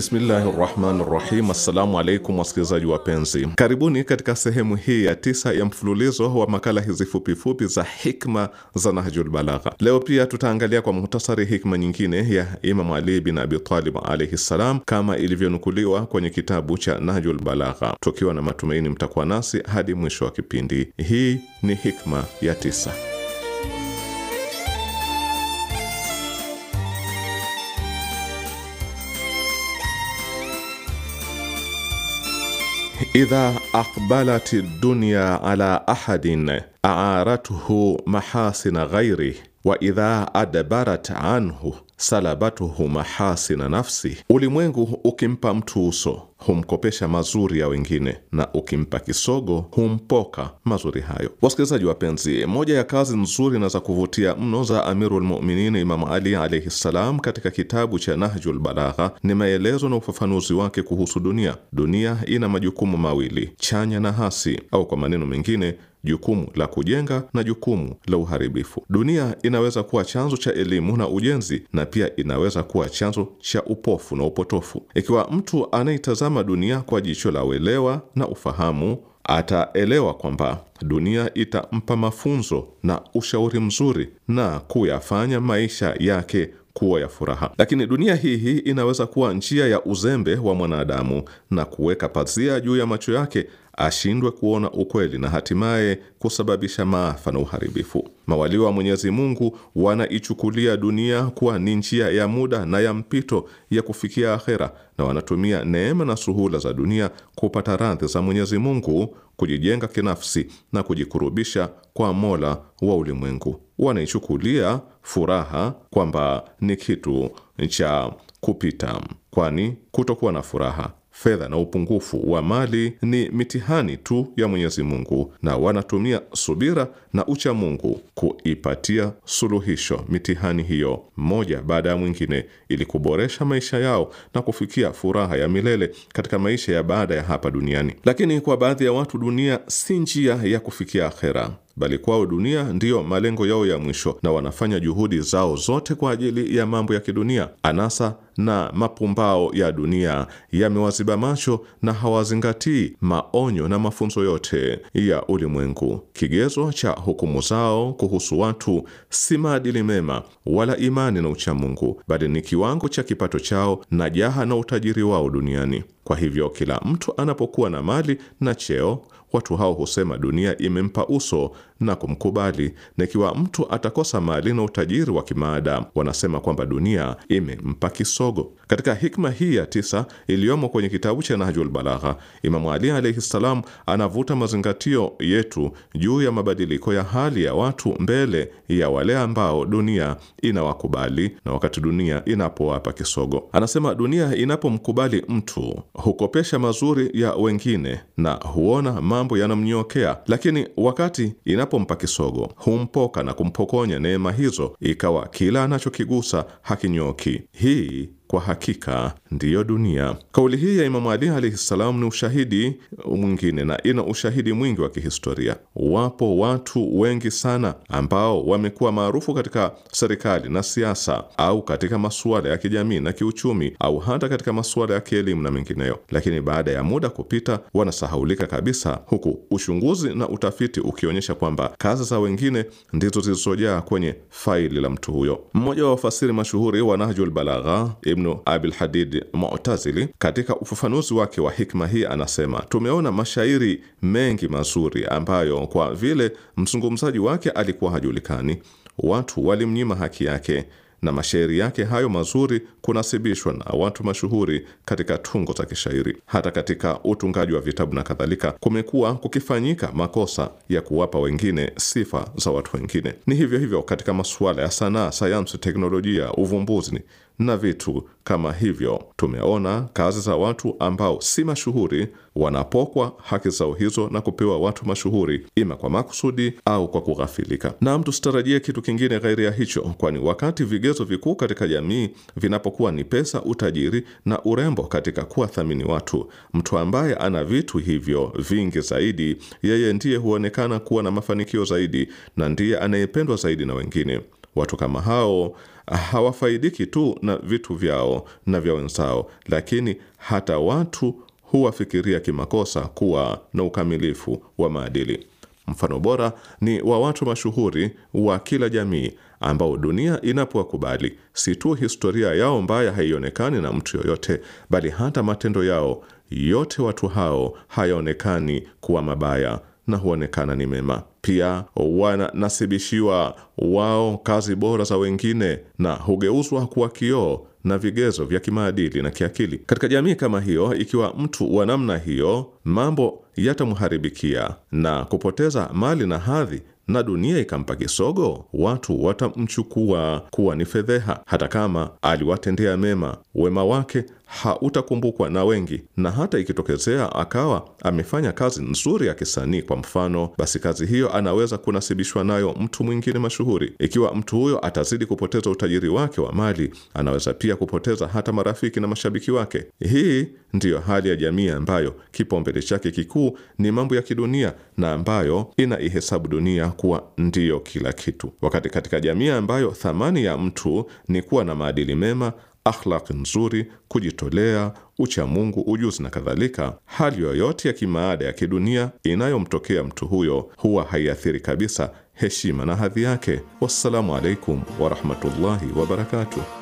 Bismillahi rahmani rahim. Assalamu alaikum wasikilizaji wapenzi, karibuni katika sehemu hii ya tisa ya mfululizo wa makala hizi fupifupi za hikma za Nahjul Balagha. Leo pia tutaangalia kwa muhtasari hikma nyingine ya Imamu Ali bin Abi Talib alaihi ssalam, kama ilivyonukuliwa kwenye kitabu cha Nahjul Balagha, tukiwa na matumaini mtakuwa nasi hadi mwisho wa kipindi. Hii ni hikma ya tisa. idha aqbalati dunya ala ahadin aaratuhu mahasina ghairi wa idha adbarat anhu salabatuhu mahasina nafsi, ulimwengu ukimpa mtu uso humkopesha mazuri ya wengine, na ukimpa kisogo humpoka mazuri hayo. Wasikilizaji wapenzi, moja ya kazi nzuri na za kuvutia mno za Amirul Mu'minin Imamu Ali alaihi salam katika kitabu cha Nahjul Balagha ni maelezo na ufafanuzi wake kuhusu dunia. Dunia ina majukumu mawili, chanya na hasi, au kwa maneno mengine jukumu la kujenga na jukumu la uharibifu. Dunia inaweza kuwa chanzo cha elimu na ujenzi, na pia inaweza kuwa chanzo cha upofu na upotofu. Ikiwa mtu anayetazama kuitazama dunia kwa jicho la uelewa na ufahamu, ataelewa kwamba dunia itampa mafunzo na ushauri mzuri na kuyafanya maisha yake kuwa ya furaha. Lakini dunia hii hii inaweza kuwa njia ya uzembe wa mwanadamu na kuweka pazia juu ya macho yake ashindwe kuona ukweli na hatimaye kusababisha maafa na uharibifu. Mawaliwa wa Mwenyezi Mungu wanaichukulia dunia kuwa ni njia ya muda na ya mpito ya kufikia akhera, na wanatumia neema na suhula za dunia kupata radhi za Mwenyezi Mungu, kujijenga kinafsi na kujikurubisha kwa Mola wa ulimwengu. Wanaichukulia furaha kwamba ni kitu cha kupita, kwani kutokuwa na furaha fedha na upungufu wa mali ni mitihani tu ya Mwenyezi Mungu, na wanatumia subira na ucha Mungu kuipatia suluhisho mitihani hiyo moja baada ya mwingine, ili kuboresha maisha yao na kufikia furaha ya milele katika maisha ya baada ya hapa duniani. Lakini kwa baadhi ya watu, dunia si njia ya kufikia akhera bali kwao dunia ndiyo malengo yao ya mwisho na wanafanya juhudi zao zote kwa ajili ya mambo ya kidunia. Anasa na mapumbao ya dunia yamewaziba macho na hawazingatii maonyo na mafunzo yote ya ulimwengu. Kigezo cha hukumu zao kuhusu watu si maadili mema wala imani na uchamungu, bali ni kiwango cha kipato chao na jaha na utajiri wao duniani. Kwa hivyo kila mtu anapokuwa na mali na cheo, watu hao husema dunia imempa uso na kumkubali, na ikiwa mtu atakosa mali na utajiri wa kimaadamu, wanasema kwamba dunia imempa kisogo. Katika hikma hii ya tisa iliyomo kwenye kitabu cha Nahjul Balagha, Imamu Ali alaihi ssalam anavuta mazingatio yetu juu ya mabadiliko ya hali ya watu mbele ya wale ambao dunia inawakubali na wakati dunia inapowapa kisogo. Anasema dunia inapomkubali mtu hukopesha mazuri ya wengine na huona mambo yanamnyokea, lakini wakati inapompa kisogo humpoka na kumpokonya neema hizo, ikawa kila anachokigusa hakinyoki. Hii kwa hakika ndiyo dunia. Kauli hii ya Imamu Ali alaihi ssalam ni ushahidi mwingine na ina ushahidi mwingi wa kihistoria. Wapo watu wengi sana ambao wamekuwa maarufu katika serikali na siasa au katika masuala ya kijamii na kiuchumi au hata katika masuala ya kielimu na mengineyo, lakini baada ya muda kupita wanasahaulika kabisa, huku uchunguzi na utafiti ukionyesha kwamba kazi za wengine ndizo zilizojaa kwenye faili la mtu huyo. Mmoja wa wafasiri mashuhuri wa Nahjul Balagha Ibnu Abilhadid Mutazili katika ufafanuzi wake wa hikma hii anasema, tumeona mashairi mengi mazuri ambayo kwa vile mzungumzaji wake alikuwa hajulikani, watu walimnyima haki yake na mashairi yake hayo mazuri kunasibishwa na watu mashuhuri katika tungo za kishairi. Hata katika utungaji wa vitabu na kadhalika, kumekuwa kukifanyika makosa ya kuwapa wengine sifa za watu wengine. Ni hivyo hivyo katika masuala ya sanaa, sayansi, teknolojia, uvumbuzi na vitu kama hivyo. Tumeona kazi za watu ambao si mashuhuri wanapokwa haki zao hizo na kupewa watu mashuhuri, ima kwa makusudi au kwa kughafilika. Na tusitarajie kitu kingine ghairi ya hicho, kwani wakati vigezo vikuu katika jamii vinapokuwa ni pesa, utajiri na urembo katika kuwathamini watu, mtu ambaye ana vitu hivyo vingi zaidi, yeye ndiye huonekana kuwa na mafanikio zaidi na ndiye anayependwa zaidi na wengine. Watu kama hao ah, hawafaidiki tu na vitu vyao na vya wenzao, lakini hata watu huwafikiria kimakosa kuwa na ukamilifu wa maadili. Mfano bora ni wa watu mashuhuri wa kila jamii ambao dunia inapowakubali, si tu historia yao mbaya haionekani na mtu yoyote, bali hata matendo yao yote watu hao hayaonekani kuwa mabaya na huonekana ni mema. Pia wanasibishiwa wao kazi bora za wengine na hugeuzwa kuwa kioo na vigezo vya kimaadili na kiakili. Katika jamii kama hiyo, ikiwa mtu wa namna hiyo, mambo yatamharibikia na kupoteza mali na hadhi na dunia ikampa kisogo, watu watamchukua kuwa ni fedheha, hata kama aliwatendea mema. Wema wake hautakumbukwa na wengi, na hata ikitokezea akawa amefanya kazi nzuri ya kisanii kwa mfano, basi kazi hiyo anaweza kunasibishwa nayo mtu mwingine mashuhuri. Ikiwa mtu huyo atazidi kupoteza utajiri wake wa mali, anaweza pia kupoteza hata marafiki na mashabiki wake. Hii ndiyo hali ya jamii ambayo kipaumbele chake kikuu ni mambo ya kidunia na ambayo ina ihesabu dunia kuwa ndiyo kila kitu, wakati katika jamii ambayo thamani ya mtu ni kuwa na maadili mema akhlaki nzuri, kujitolea, uchamungu, ujuzi na kadhalika, hali yoyote ya kimaada ya kidunia inayomtokea mtu huyo huwa haiathiri kabisa heshima na hadhi yake. Wassalamu alaikum warahmatullahi wabarakatuh.